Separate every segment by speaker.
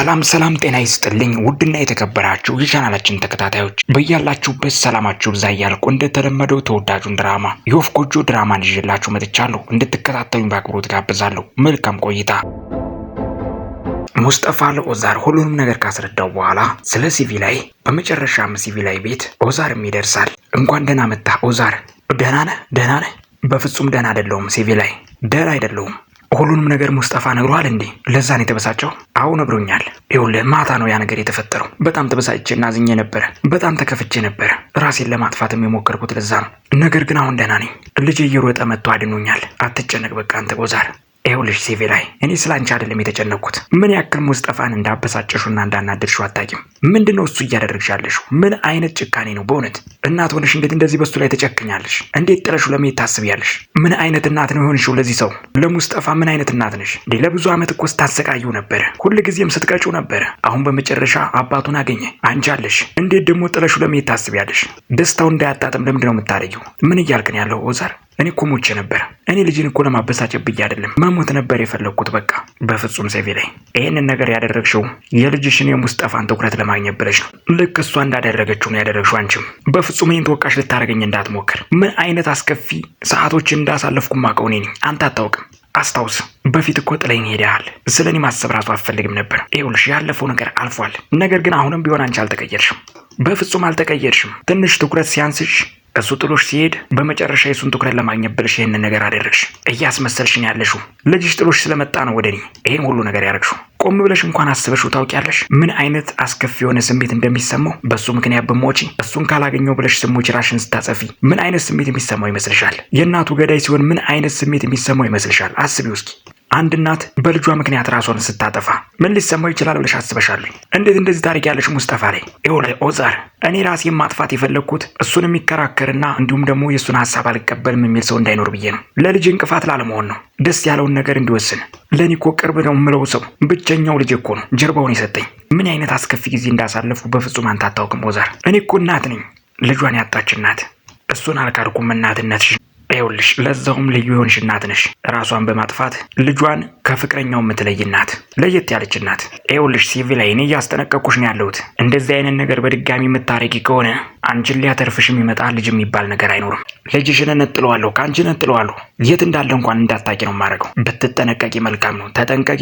Speaker 1: ሰላም ሰላም፣ ጤና ይስጥልኝ ውድና የተከበራችሁ የቻናላችን ተከታታዮች በያላችሁበት ሰላማችሁ ብዛ እያልኩ እንደተለመደው ተወዳጁን ድራማ የወፍ ጎጆ ድራማን ይዤላችሁ መጥቻለሁ። እንድትከታተሉኝ በአክብሮት ጋብዛለሁ። መልካም ቆይታ። ሙስጠፋ ለኦዛር ሁሉንም ነገር ካስረዳው በኋላ ስለ ሲቪ ላይ በመጨረሻም ሲቪ ላይ ቤት ኦዛርም ይደርሳል። እንኳን ደህና መጣ ኦዛር። ደህና ነህ? ደህና ነህ? በፍጹም ደህና አይደለሁም ሲቪ ላይ ደህና አይደለሁም ሁሉንም ነገር ሙስጠፋ ነግሯል እንዴ? ለዛ ነው የተበሳጨው? አዎ ነግሮኛል። ይኸውልህ ማታ ነው ያ ነገር የተፈጠረው። በጣም ተበሳጭቼና አዝኜ ነበረ። በጣም ተከፍቼ ነበረ። ራሴን ለማጥፋትም የሞከርኩት ለዛ ነው። ነገር ግን አሁን ደህና ነኝ። ልጄ እየሮጠ መጥቶ አድኖኛል። አትጨነቅ በቃ አንተ ጎዛር ይኸውልሽ ሴቬ ላይ እኔ ስለ አንቺ አይደለም የተጨነቅኩት። ምን ያክል ሙስጠፋን እንዳበሳጨሹና እንዳናደድሹ አታውቂም። ምንድን ነው እሱ እያደረግሽ ያለሽው? ምን አይነት ጭካኔ ነው በእውነት? እናት ሆነሽ እንዴት እንደዚህ በሱ ላይ ተጨክኛለሽ? እንዴት ጥለሹ ለመሄድ ታስቢያለሽ? ምን አይነት እናት ነው የሆንሽው ለዚህ ሰው? ለሙስጠፋ ምን አይነት እናት ነሽ? ለብዙ ዓመት እኮ ስታሰቃየው ነበረ፣ ጊዜም ስትቀጩ ነበረ። አሁን በመጨረሻ አባቱን አገኘ፣ አንቺ አለሽ። እንዴት ደግሞ ጥለሹ ለመሄድ ታስቢያለሽ? ደስታው እንዳያጣጥም ለምንድን ነው የምታደርጊው? ምን እያልክን ያለው ኦዛር? እኔ እኮ ሞቼ ነበር። እኔ ልጅን እኮ ለማበሳጨት ብዬ አይደለም፣ መሞት ነበር የፈለግኩት። በቃ በፍጹም ሴቪ ላይ ይህንን ነገር ያደረግሽው የልጅሽን የሙስጠፋን ትኩረት ለመ ለማግኘት ብለሽ ነው። ልክ እሷ እንዳደረገችው ነው ያደረግሽው አንቺም። በፍጹም እኔን ተወቃሽ ልታደርገኝ እንዳትሞክር። ምን አይነት አስከፊ ሰዓቶች እንዳሳለፍኩ ማቀው እኔ ነኝ፣ አንተ አታውቅም። አስታውስ፣ በፊት እኮ ጥለኝ ሄደሃል። ስለ እኔ ማሰብ ራሱ አትፈልግም ነበር። ይኸውልሽ ያለፈው ነገር አልፏል። ነገር ግን አሁንም ቢሆን አንቺ አልተቀየርሽም፣ በፍጹም አልተቀየርሽም። ትንሽ ትኩረት ሲያንስሽ እሱ ጥሎሽ ሲሄድ በመጨረሻ የሱን ትኩረት ለማግኘት ብለሽ ይህንን ነገር አደረግሽ። እያስመሰልሽ ነው ያለሽው። ልጅሽ ጥሎሽ ስለመጣ ነው ወደ እኔ ይህን ሁሉ ነገር ያደረግሽው። ቆም ብለሽ እንኳን አስበሽው ታውቂያለሽ? ምን አይነት አስከፊ የሆነ ስሜት እንደሚሰማው በእሱ ምክንያት ብሞቺ፣ እሱን ካላገኘው ብለሽ ስሞች ራሽን ስታጸፊ ምን አይነት ስሜት የሚሰማው ይመስልሻል? የእናቱ ገዳይ ሲሆን ምን አይነት ስሜት የሚሰማው ይመስልሻል? አስቢው እስኪ። አንድ እናት በልጇ ምክንያት ራሷን ስታጠፋ ምን ሊሰማው ይችላል ብለሽ አስበሻለኝ? እንዴት እንደዚህ ታሪክ ያለሽ ሙስጠፋ ላይ ይኸውልህ ኦዛር፣ እኔ ራሴን ማጥፋት የፈለግኩት እሱን የሚከራከርና እንዲሁም ደግሞ የእሱን ሀሳብ አልቀበልም የሚል ሰው እንዳይኖር ብዬ ነው። ለልጅ እንቅፋት ላለመሆን ነው። ደስ ያለውን ነገር እንዲወስን። ለእኔ እኮ ቅርብ ነው የምለው ሰው ብቸኛው ልጅ እኮ ነው ጀርባውን የሰጠኝ። ምን አይነት አስከፊ ጊዜ እንዳሳለፉ በፍጹም አንተ አታውቅም ኦዛር። እኔ እኮ እናት ነኝ፣ ልጇን ያጣች እናት። እሱን አልካድኩም እናትነት ይኸውልሽ ለዛውም ልዩ የሆንሽ እናት ነሽ። ራሷን በማጥፋት ልጇን ከፍቅረኛው የምትለይ እናት፣ ለየት ያለች እናት። ይኸውልሽ ሲቪላይን፣ ላይ እያስጠነቀቅኩሽ ነው ያለሁት። እንደዚህ አይነት ነገር በድጋሚ የምታረጊ ከሆነ አንቺን ሊያተርፍሽ የሚመጣ ልጅ የሚባል ነገር አይኖርም። ልጅሽን እነጥለዋለሁ፣ ከአንቺ እነጥለዋለሁ። የት እንዳለ እንኳን እንዳታቂ ነው የማደርገው። ብትጠነቀቂ መልካም ነው፣ ተጠንቀቂ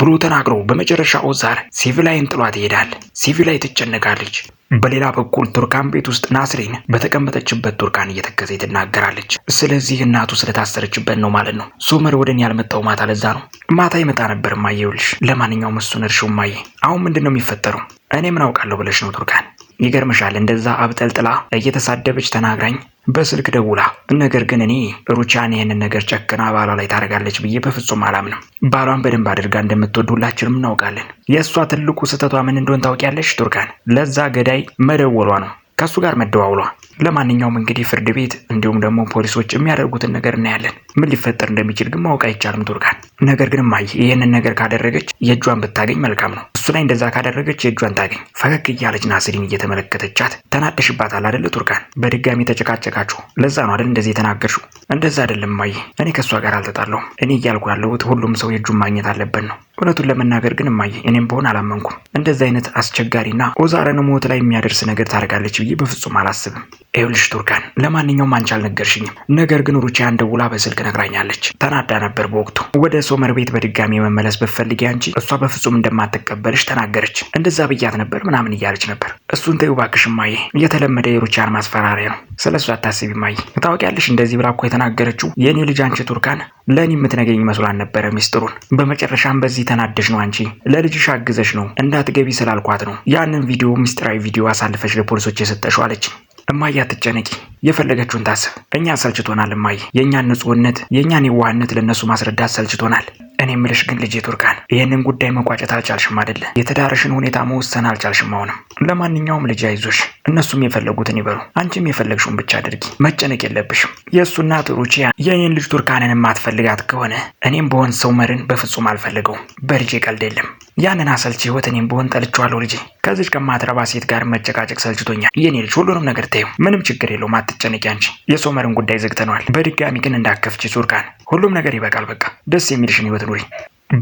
Speaker 1: ብሎ ተናግሮ በመጨረሻ ኦዛር ሲቪላይን ጥሏት ይሄዳል። ሲቪላይ ትጨነቃለች። በሌላ በኩል ቱርካን ቤት ውስጥ ናስሪን በተቀመጠችበት ቱርካን እየተከዘ ትናገራለች። ስለዚህ እናቱ ስለታሰረችበት ነው ማለት ነው። ሶመር ወደን ያልመጣው ማታ ለዛ ነው። ማታ ይመጣ ነበር ማየውልሽ። ለማንኛውም እሱን እርሺው ማየ አሁን ምንድን ነው የሚፈጠረው? እኔ ምን አውቃለሁ ብለሽ ነው ቱርካን ይገርምሻል እንደዛ አብጠልጥላ እየተሳደበች ተናግራኝ በስልክ ደውላ ነገር ግን እኔ ሩቻን ይህንን ነገር ጨክና ባሏ ላይ ታደርጋለች ብዬ በፍጹም አላምንም። ባሏን በደንብ አድርጋ እንደምትወድ ሁላችንም እናውቃለን። የእሷ ትልቁ ስህተቷ ምን እንደሆን ታውቂያለሽ ቱርካን? ለዛ ገዳይ መደወሏ ነው፣ ከእሱ ጋር መደዋውሏ። ለማንኛውም እንግዲህ ፍርድ ቤት እንዲሁም ደግሞ ፖሊሶች የሚያደርጉትን ነገር እናያለን። ምን ሊፈጠር እንደሚችል ግን ማወቅ አይቻልም ቱርካን። ነገር ግን ማይ ይህንን ነገር ካደረገች የእጇን ብታገኝ መልካም ነው። እሱ ላይ እንደዛ ካደረገች የእጇን ታገኝ። ፈገግ እያለች ናስሪን እየተመለከተቻት ተናደሽባታል አይደለ ቱርካን? በድጋሚ ተጨቃጨቃችሁ፣ ለዛ ነው አደል እንደዚህ የተናገርሽው? እንደዛ አይደለም ማይ፣ እኔ ከእሷ ጋር አልተጣለሁም። እኔ እያልኩ ያለሁት ሁሉም ሰው የእጁን ማግኘት አለበት ነው። እውነቱን ለመናገር ግን እማየ እኔም በሆን አላመንኩም። እንደዚህ አይነት አስቸጋሪና ኦዛረን ሞት ላይ የሚያደርስ ነገር ታደርጋለች ብዬ በፍጹም አላስብም። ይኸውልሽ ቱርካን፣ ለማንኛውም አንቺ አልነገርሽኝም። ነገር ግን ሩቻ ደውላ በስልክ ነግራኛለች። ተናዳ ነበር በወቅቱ። ወደ ሶመር ቤት በድጋሚ መመለስ ብትፈልጊ አንቺ እሷ በፍጹም እንደማትቀበልሽ ተናገረች። እንደዛ ብያት ነበር ምናምን እያለች ነበር። እሱን ተይው እባክሽ እማዬ፣ የተለመደ የሩቺያን ማስፈራሪያ ነው። ስለ እሱ አታስቢ እማዬ። ታውቂያለሽ፣ እንደዚህ ብላ እኮ የተናገረችው የእኔ ልጅ አንቺ ቱርካን ለእኔ የምትነገኝ መስሏን አልነበረ ሚስጥሩን። በመጨረሻም በዚህ ተናደሽ ነው አንቺ ለልጅሽ አግዘሽ ነው እንዳትገቢ ስላልኳት ነው ያንን ቪዲዮ ሚስጥራዊ ቪዲዮ አሳልፈሽ ለፖሊሶች የሰጠሽው አለች። እማዬ አትጨነቂ፣ የፈለገችውን ታስብ። እኛን ሰልችቶናል እማዬ። የእኛን ንጹህነት፣ የእኛን የዋህነት ለእነሱ ማስረዳት ሰልችቶናል። እኔ ምልሽ ግን ልጄ ቱርካን ይህንን ጉዳይ መቋጨት አልቻልሽም አይደለ? የትዳርሽን ሁኔታ መወሰን አልቻልሽም። አሁንም ለማንኛውም ልጄ አይዞሽ፣ እነሱም የፈለጉትን ይበሉ፣ አንቺም የፈለግሽውን ብቻ አድርጊ። መጨነቅ የለብሽም። የእሱና እናት የእኔን ልጅ ቱርካንን የማትፈልጋት ከሆነ እኔም በሆን ሰው መርን በፍጹም አልፈልገውም። በልጄ ቀልድ የለም። ያንን አሰልቺ ህይወት እኔም በሆን ጠልቼዋለሁ ልጄ። ከዚች ከማትረባ ሴት ጋር መጨቃጨቅ ሰልችቶኛል። የኔ ልጅ ሁሉንም ነገር ተይው፣ ምንም ችግር የለውም። አትጨነቂ አንቺ። የሶመርን ጉዳይ ዘግተነዋል። በድጋሚ ግን እንዳከፍች ቱርካን፣ ሁሉም ነገር ይበቃል። በቃ ደስ የሚልሽን ህይወት አሉኝ።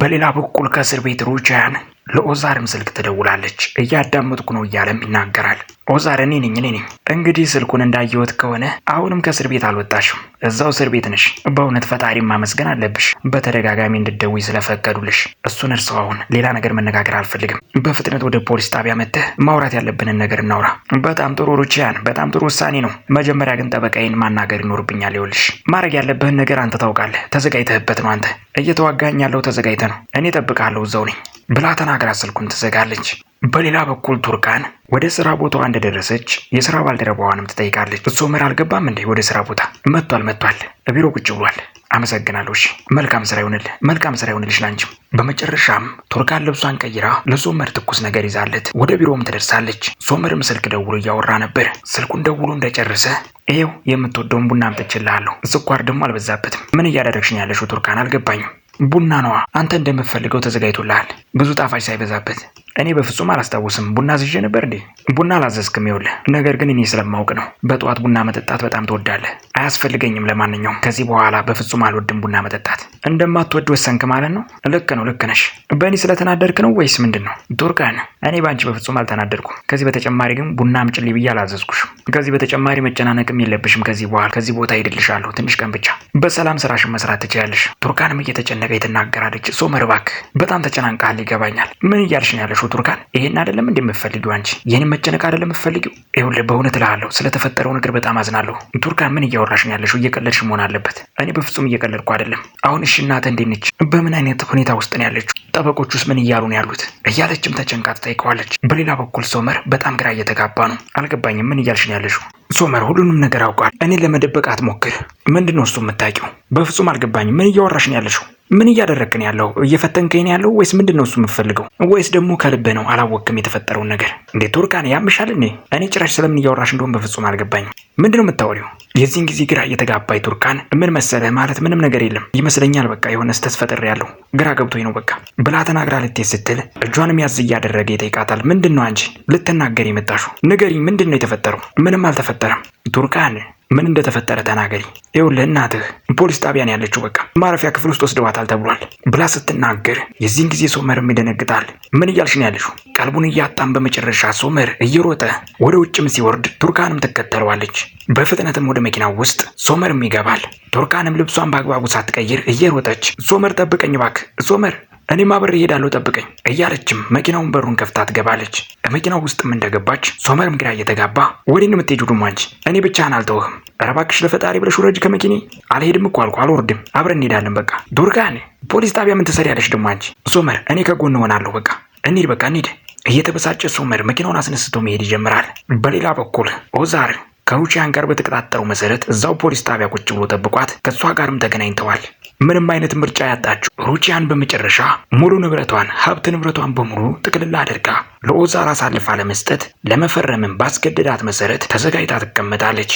Speaker 1: በሌላ በኩል ከእስር ቤት ሩቺያን ለኦዛርም ስልክ ትደውላለች። እያዳመጥኩ ነው እያለም ይናገራል። ኦዛር እኔ ነኝ እኔ ነኝ። እንግዲህ ስልኩን እንዳየወት ከሆነ አሁንም ከእስር ቤት አልወጣሽም፣ እዛው እስር ቤት ነሽ። በእውነት ፈጣሪ ማመስገን አለብሽ፣ በተደጋጋሚ እንድትደውይ ስለፈቀዱልሽ። እሱን እርሰው። አሁን ሌላ ነገር መነጋገር አልፈልግም። በፍጥነት ወደ ፖሊስ ጣቢያ መጥተህ ማውራት ያለብንን ነገር እናውራ። በጣም ጥሩ ሩቺያን፣ በጣም ጥሩ ውሳኔ ነው። መጀመሪያ ግን ጠበቃዬን ማናገር ይኖርብኛል። ይኸውልሽ ማድረግ ያለብህን ነገር አንተ ታውቃለህ። ተዘጋጅተህበት ነው አንተ። እየተዋጋኝ ያለው ተዘጋጅተ ነው። እኔ ጠብቃለሁ፣ እዛው ነኝ። ብላ ተናግራ ስልኩን ትዘጋለች። በሌላ በኩል ቱርካን ወደ ስራ ቦታዋ እንደደረሰች የስራ ባልደረባዋንም ትጠይቃለች። ሶመር አልገባም እንዴ? ወደ ስራ ቦታ መጥቷል፣ መጥቷል። ቢሮ ቁጭ ብሏል። አመሰግናለሁ። እሺ፣ መልካም ስራ ይሆንል፣ መልካም ስራ ይሆንልሽ ላንቺም። በመጨረሻም ቱርካን ልብሷን ቀይራ ለሶመር ትኩስ ነገር ይዛለት ወደ ቢሮም ትደርሳለች። ሶመርም ስልክ ደውሎ እያወራ ነበር። ስልኩን ደውሎ እንደጨረሰ ይኸው የምትወደውን ቡና አምጥቼልሃለሁ፣ ስኳር ደግሞ አልበዛበትም። ምን እያደረግሽኝ ያለሽው ቱርካን? አልገባኝም ቡና ነዋ። አንተ እንደምትፈልገው ተዘጋጅቶልሃል፣ ብዙ ጣፋጭ ሳይበዛበት እኔ በፍጹም አላስታውስም። ቡና አዝዤ ነበር እንዴ? ቡና አላዘዝክም። ይኸውልህ፣ ነገር ግን እኔ ስለማውቅ ነው። በጠዋት ቡና መጠጣት በጣም ትወዳለህ። አያስፈልገኝም። ለማንኛውም ከዚህ በኋላ በፍጹም አልወድም ቡና መጠጣት። እንደማትወድ ወሰንክ ማለት ነው? ልክ ነው፣ ልክ ነሽ። በእኔ ስለተናደርክ ነው ወይስ ምንድን ነው? ቱርካን፣ እኔ በአንቺ በፍጹም አልተናደድኩም። ከዚህ በተጨማሪ ግን ቡና አምጪልኝ ብዬ አላዘዝኩሽም። ከዚህ በተጨማሪ መጨናነቅም የለብሽም። ከዚህ በኋላ ከዚህ ቦታ ሄድልሻለሁ። ትንሽ ቀን ብቻ በሰላም ስራሽን መስራት ትችያለሽ። ቱርካንም እየተጨነቀ ትናገራለች። ሶመር እባክህ፣ በጣም ተጨናንቀሃል። ይገባኛል። ምን እያልሽ ነው ያለሽ አበዛሹ ቱርካን፣ ይሄን አይደለም እንደምፈልጊው አንቺ ይህን መጨነቅ አይደለም የምፈልጊው። ይኸውልህ በእውነት እልሃለሁ ስለተፈጠረው ነገር በጣም አዝናለሁ። ቱርካን ምን እያወራሽ ነው ያለሽው? እየቀለድሽ መሆን አለበት። እኔ በፍጹም እየቀለድኩ አይደለም። አሁን እሺ እናትህ እንዴት ነች? በምን አይነት ሁኔታ ውስጥ ነው ያለችው? ጠበቆች ውስጥ ምን እያሉ ነው ያሉት? እያለችም ተጨንቃ ትጠይቀዋለች። በሌላ በኩል ሶመር በጣም ግራ እየተጋባ ነው። አልገባኝም፣ ምን እያልሽ ነው ያለሽው? ሶመር ሁሉንም ነገር አውቋል። እኔ ለመደበቅ አትሞክር። ምንድን ነው እሱ የምታውቂው? በፍጹም አልገባኝም። ምን እያወራሽ ነው ያለሽው? ምን እያደረግን ነው ያለው? እየፈተንከኝ ነው ያለው ወይስ ምንድን ነው እሱ የምፈልገው? ወይስ ደግሞ ከልብ ነው? አላወቅም የተፈጠረውን ነገር። እንዴ ቱርካን ያምሻል? እኔ እኔ ጭራሽ ስለምን እያወራሽ እንደሆን በፍጹም አልገባኝም። ምንድን ነው የምታወሪው? የዚህን ጊዜ ግራ እየተጋባይ ቱርካን፣ ምን መሰለ ማለት ምንም ነገር የለም ይመስለኛል፣ በቃ የሆነ ፈጥር ያለው ግራ ገብቶኝ ነው በቃ ብላ ተናግራ ልትሄድ ስትል እጇንም ያዝ እያደረገ ይጠይቃታል። ምንድን ነው አንቺ ልትናገር የመጣሹ ንገሪኝ፣ ምንድን ነው የተፈጠረው? ምንም አልተፈጠረም ቱርካን ምን እንደተፈጠረ ተናገሪ። ይኸውልህ እናትህ ፖሊስ ጣቢያን ያለችው፣ በቃ ማረፊያ ክፍል ውስጥ ወስደዋታል ተብሏል ብላ ስትናገር የዚህን ጊዜ ሶመርም ይደነግጣል። ምን እያልሽ ነው ያለሽው? ቀልቡን እያጣም በመጨረሻ ሶመር እየሮጠ ወደ ውጭም ሲወርድ ቱርካንም ትከተለዋለች። በፍጥነትም ወደ መኪናው ውስጥ ሶመርም ይገባል። ቱርካንም ልብሷን በአግባቡ ሳትቀይር እየሮጠች ሶመር ጠብቀኝ እባክህ ሶመር እኔም አብሬ እሄዳለሁ ጠብቀኝ እያለችም መኪናውን በሩን ከፍታ ትገባለች። ከመኪናው ውስጥም እንደገባች ሶመርም ግራ እየተጋባ ወዴን የምትሄጂው ደግሞ አንቺ? እኔ ብቻህን አልተውህም። ኧረ እባክሽ ለፈጣሪ ብለሽ ውረጅ ከመኪኔ። አልሄድም እኮ አልኩ አልወርድም። አብረን እንሄዳለን በቃ። ዱርጋን ፖሊስ ጣቢያ ምን ትሰሪያለሽ ደግሞ አንቺ? ሶመር እኔ ከጎን እሆናለሁ። በቃ እንሂድ፣ በቃ እንሂድ። እየተበሳጨ ሶመር መኪናውን አስነስቶ መሄድ ይጀምራል። በሌላ በኩል ኦዛር ከሩቺያን ጋር በተቀጣጠረው መሰረት እዛው ፖሊስ ጣቢያ ቁጭ ብሎ ጠብቋት ከእሷ ጋርም ተገናኝተዋል። ምንም አይነት ምርጫ ያጣችው ሩቺያን በመጨረሻ ሙሉ ንብረቷን ሀብት ንብረቷን በሙሉ ጥቅልላ አድርጋ ለኦዛር አሳልፋ ለመስጠት ለመፈረምን ባስገደዳት መሰረት ተዘጋጅታ ትቀመጣለች።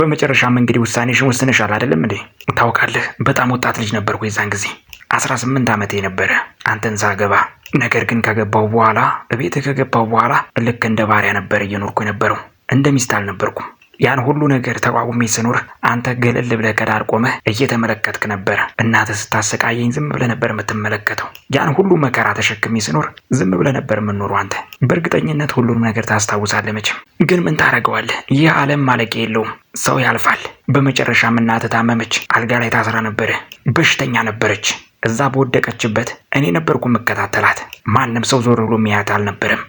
Speaker 1: በመጨረሻም እንግዲህ ውሳኔሽን ወስነሻል አይደለም እንዴ? ታውቃለህ፣ በጣም ወጣት ልጅ ነበርኩ የዛን ጊዜ አስራ ስምንት ዓመቴ ነበረ አንተን ሳገባ። ነገር ግን ከገባው በኋላ እቤትህ ከገባው በኋላ ልክ እንደ ባሪያ ነበር እየኖርኩ የነበረው፣ እንደ ሚስት አልነበርኩም። ያን ሁሉ ነገር ተቋቁሜ ስኖር አንተ ገለል ብለህ ከዳር ቆመህ እየተመለከትክ ነበረ። እናትህ ስታሰቃየኝ ዝም ብለህ ነበር የምትመለከተው። ያን ሁሉ መከራ ተሸክሜ ስኖር ዝም ብለህ ነበር የምኖረው። አንተ በእርግጠኝነት ሁሉንም ነገር ታስታውሳለህ። መቼም ግን ምን ታደርገዋለህ? ይህ ዓለም ማለቂያ የለውም። ሰው ያልፋል። በመጨረሻም እናትህ ታመመች። አልጋ ላይ ታስራ ነበረ። በሽተኛ ነበረች። እዛ በወደቀችበት እኔ ነበርኩ የምከታተላት። ማንም ሰው ዞር ብሎ የሚያያት አልነበረም።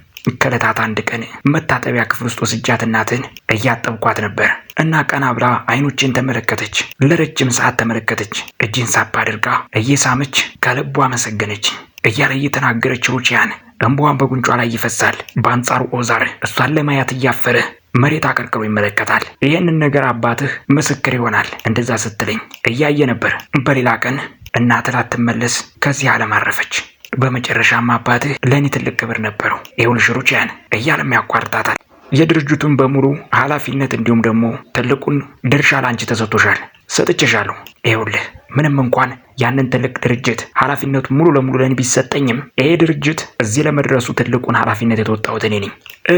Speaker 1: ከለታታ አንድ ቀን መታጠቢያ ክፍል ውስጥ ወስጃት እናትን እያጠብኳት ነበር እና ቀና ብላ አይኖችን ተመለከተች። ለረጅም ሰዓት ተመለከተች። እጅን ሳፕ አድርጋ እየሳመች ከልቧ አመሰገነች እያለ እየተናገረች ሩቺያን እንባዋን በጉንጯ ላይ ይፈሳል። በአንጻሩ ኦዛር እሷን ለማያት እያፈረ መሬት አቀርቅሮ ይመለከታል። ይህንን ነገር አባትህ ምስክር ይሆናል እንደዛ ስትለኝ እያየ ነበር። በሌላ ቀን እናት ላትመለስ ከዚህ ዓለም አረፈች። በመጨረሻም አባትህ ለእኔ ትልቅ ክብር ነበረው፣ ይኸውልሽ ያን እያለም ያቋርጣታል። የድርጅቱን በሙሉ ኃላፊነት እንዲሁም ደግሞ ትልቁን ድርሻ ላንቺ ተሰጥቶሻል፣ ሰጥቼሻለሁ። ይኸውልህ ምንም እንኳን ያንን ትልቅ ድርጅት ኃላፊነቱ ሙሉ ለሙሉ ለእኔ ቢሰጠኝም ይሄ ድርጅት እዚህ ለመድረሱ ትልቁን ኃላፊነት የተወጣሁት እኔ ነኝ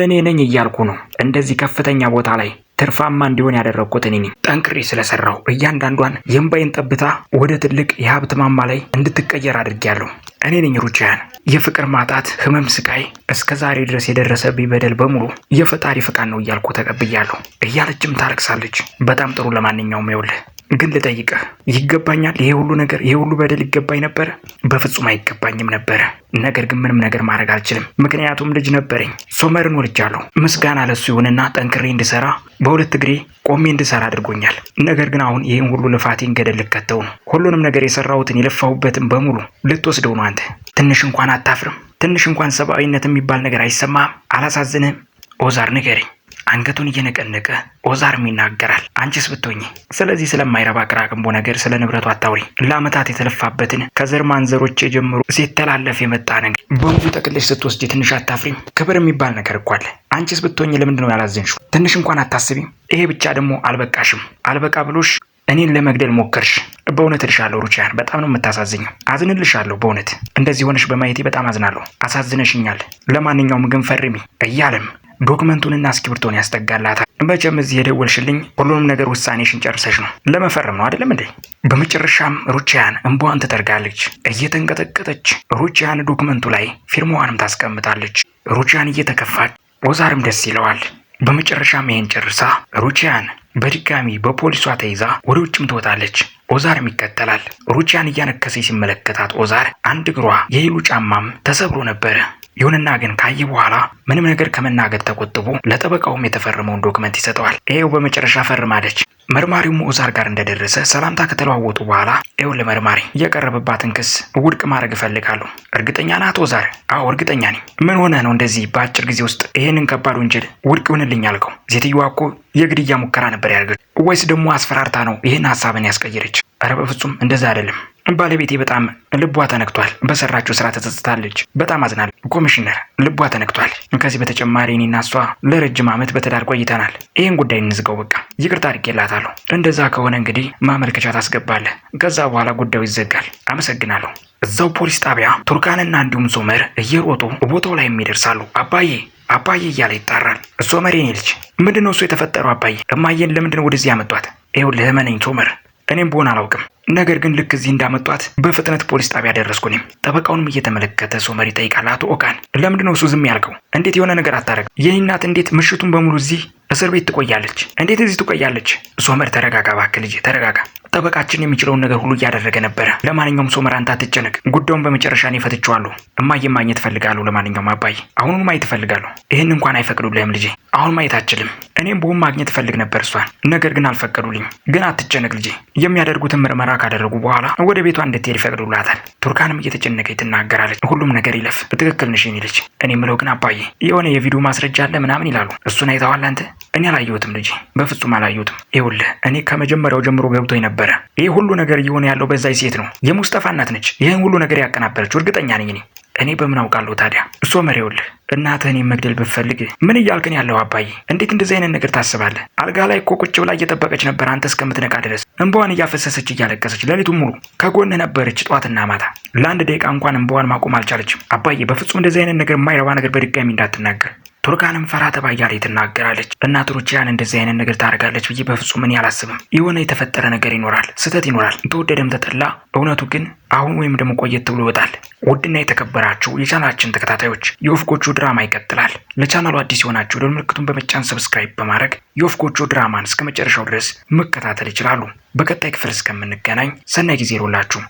Speaker 1: እኔ ነኝ እያልኩ ነው እንደዚህ ከፍተኛ ቦታ ላይ ትርፋማ እንዲሆን ያደረግኩት እኔ ነኝ። ጠንክሬ ስለሰራው እያንዳንዷን የእምባይን ጠብታ ወደ ትልቅ የሀብት ማማ ላይ እንድትቀየር አድርጌያለሁ። እኔ ነኝ ሩቺያን። የፍቅር ማጣት፣ ህመም፣ ስቃይ እስከ ዛሬ ድረስ የደረሰብኝ በደል በሙሉ የፈጣሪ ፍቃድ ነው እያልኩ ተቀብያለሁ እያለችም ታለቅሳለች። በጣም ጥሩ። ለማንኛውም ይኸውልህ ግን ልጠይቅህ ይገባኛል? ይሄ ሁሉ ነገር ይሄ ሁሉ በደል ይገባኝ ነበረ? በፍጹም አይገባኝም ነበረ። ነገር ግን ምንም ነገር ማድረግ አልችልም፣ ምክንያቱም ልጅ ነበረኝ። ሶመርን ወልጃለሁ። ምስጋና ለሱ ይሁንና ጠንክሬ እንድሰራ በሁለት እግሬ ቆሜ እንድሰራ አድርጎኛል። ነገር ግን አሁን ይህን ሁሉ ልፋቴን ገደል ልከተው ነው። ሁሉንም ነገር የሰራሁትን የለፋሁበትን በሙሉ ልትወስደው ነው። አንተ ትንሽ እንኳን አታፍርም? ትንሽ እንኳን ሰብአዊነት የሚባል ነገር አይሰማህም? አላሳዝንህም? ኦዛር ንገረኝ። አንገቱን እየነቀነቀ ኦዛርም ይናገራል። አንቺስ ብትሆኚ ስለዚህ ስለማይረባ ቅራቅንቦ ነገር ስለ ንብረቱ አታውሪ። ለአመታት የተለፋበትን ከዘር ማንዘሮች ጀምሮ ሲተላለፍ የመጣ ነገር በወንዙ ጠቅልሽ ስትወስጂ ትንሽ አታፍሪም? ክብር የሚባል ነገር እኮ አለ። አንቺስ ብትሆኚ ለምንድን ነው ያላዘንሽው? ትንሽ እንኳን አታስቢም? ይሄ ብቻ ደግሞ አልበቃሽም። አልበቃ ብሎሽ እኔን ለመግደል ሞከርሽ። በእውነት እልሻለሁ ሩቺያን፣ በጣም ነው የምታሳዝኘው። አዝንልሻለሁ። በእውነት እንደዚህ ሆነሽ በማየቴ በጣም አዝናለሁ። አሳዝነሽኛል። ለማንኛውም ግን ፈርሚ እያለም ዶክመንቱንና እስክሪብቶን ያስጠጋላታል። መቼም እዚህ የደወልሽልኝ ሁሉንም ነገር ውሳኔሽን ጨርሰሽ ነው ለመፈረም ነው አይደለም እንዴ? በመጨረሻም ሩቺያን እንቧን ትጠርጋለች። እየተንቀጠቀጠች ሩቺያን ዶክመንቱ ላይ ፊርማዋንም ታስቀምጣለች። ሩቺያን እየተከፋች ወዛርም ደስ ይለዋል። በመጨረሻም ይሄን ጨርሳ ሩቺያን በድጋሚ በፖሊሷ ተይዛ ወደ ውጭም ትወጣለች። ኦዛርም ይከተላል። ሩቺያን እያነከሰች ሲመለከታት ኦዛር አንድ እግሯ የሂሉ ጫማም ተሰብሮ ነበረ። ይሁንና ግን ካየ በኋላ ምንም ነገር ከመናገር ተቆጥቦ ለጠበቃውም የተፈረመውን ዶክመንት ይሰጠዋል። ይሄው በመጨረሻ ፈርማለች። መርማሪውም ኦዛር ጋር እንደደረሰ ሰላምታ ከተለዋወጡ በኋላ ኤው ለመርማሪ እየቀረበባትን ክስ ውድቅ ማድረግ እፈልጋለሁ። እርግጠኛ ናት ኦዛር? አዎ እርግጠኛ ነኝ። ምን ሆነ ነው እንደዚህ በአጭር ጊዜ ውስጥ ይህንን ከባድ ወንጀል ውድቅ ይሆንልኝ አልከው? ሴትዮዋ እኮ የግድያ ሙከራ ነበር ያደርገ ወይስ ደግሞ አስፈራርታ ነው ይህን ሀሳብን ያስቀየረች? ኧረ በፍጹም እንደዛ አይደለም። ባለቤቴ በጣም ልቧ ተነክቷል። በሰራችው ስራ ተጸጽታለች። በጣም አዝናል። ኮሚሽነር ልቧ ተነክቷል። ከዚህ በተጨማሪ እኔና እሷ ለረጅም ዓመት በትዳር ቆይተናል። ይህን ጉዳይ እንዝገው በቃ ይቅርታ አድርጌላታለሁ። እንደዛ ከሆነ እንግዲህ ማመልከቻ ታስገባለህ። ከዛ በኋላ ጉዳዩ ይዘጋል። አመሰግናለሁ። እዛው ፖሊስ ጣቢያ ቱርካንና እንዲሁም ሶመር እየሮጡ ቦታው ላይ የሚደርሳሉ። አባዬ አባዬ እያለ ይጣራል። እሱ መሬን ይልች ምንድን ነው እሱ የተፈጠረው? አባዬ እማዬን ለምንድን ወደዚህ ያመጧት? ይኸው ለመነኝ ቶመር፣ እኔም ብሆን አላውቅም። ነገር ግን ልክ እዚህ እንዳመጧት በፍጥነት ፖሊስ ጣቢያ ደረስኩ። ጠበቃውንም እየተመለከተ ሶመር ይጠይቃል። አቶ ኦካን፣ ለምንድን ነው እሱ ዝም ያልከው? እንዴት የሆነ ነገር አታደርግ? የኔ እናት እንዴት ምሽቱን በሙሉ እዚህ እስር ቤት ትቆያለች። እንዴት እዚህ ትቆያለች? ሶመር ተረጋጋ እባክህ ልጄ ተረጋጋ። ጠበቃችን የሚችለውን ነገር ሁሉ እያደረገ ነበረ። ለማንኛውም ሶመር አንተ አትጨነቅ፣ ጉዳዩን በመጨረሻ እኔ ፈትቼዋለሁ። እማዬን ማግኘት እፈልጋለሁ። ለማንኛውም አባዬ አሁኑን ማየት እፈልጋለሁ። ይህን እንኳን አይፈቅዱልህም ልጄ፣ አሁን ማየት አችልም። እኔም ቦም ማግኘት እፈልግ ነበር እሷን፣ ነገር ግን አልፈቀዱልኝ። ግን አትጨነቅ ልጄ፣ የሚያደርጉትን ምርመራ ካደረጉ በኋላ ወደ ቤቷ እንድትሄድ ይፈቅዱላታል። ቱርካንም እየተጨነቀች ትናገራለች። ሁሉም ነገር ይለፍ፣ በትክክል ነሽ የኔ ልጅ። እኔ ምለው ግን አባዬ የሆነ የቪዲዮ ማስረጃ አለ ምናምን ይላሉ። እሱን አይተዋል አንተ? እኔ አላየሁትም ልጄ፣ በፍጹም አላየሁትም። ይኸውልህ እኔ ከመጀመሪያው ጀምሮ ገብቶኝ ነበረ። ይህ ሁሉ ነገር እየሆነ ያለው በዛች ሴት ነው። የሙስጠፋ እናት ነች ይህን ሁሉ ነገር ያቀናበረችው፣ እርግጠኛ ነኝ እኔ እኔ በምን አውቃለሁ ታዲያ? እሶ መሬውልህ እናትህን መግደል ብፈልግ ምን እያልክን ያለው አባዬ? እንዴት እንደዚህ አይነት ነገር ታስባለህ? አልጋ ላይ እኮ ቁጭ ብላ እየጠበቀች ነበር አንተ እስከምትነቃ ድረስ። እንባዋን እያፈሰሰች እያለቀሰች ሌሊቱን ሙሉ ከጎንህ ነበረች ጠዋትና ማታ። ለአንድ ደቂቃ እንኳን እንባዋን ማቆም አልቻለችም። አባዬ በፍጹም እንደዚህ አይነት ነገር የማይረባ ነገር በድጋሚ እንዳትናገር። ቱርካንም ፈራ ተባ እያለ ትናገራለች። እናት እንደዚህ አይነት ነገር ታደርጋለች ብዬ በፍጹም እኔ አላስብም። የሆነ የተፈጠረ ነገር ይኖራል፣ ስህተት ይኖራል፣ ተወደደም ተጠላ። እውነቱ ግን አሁን ወይም ደግሞ ቆየት ብሎ ይወጣል። ውድና የተከበራችሁ የቻናላችን ተከታታዮች የወፍ ጎጆ ድራማ ይቀጥላል። ለቻናሉ አዲስ የሆናችሁ ደወል ምልክቱን በመጫን ሰብስክራይብ በማድረግ የወፍ ጎጆ ድራማን እስከ መጨረሻው ድረስ መከታተል ይችላሉ። በቀጣይ ክፍል እስከምንገናኝ ሰናይ ጊዜ ይሁንላችሁ።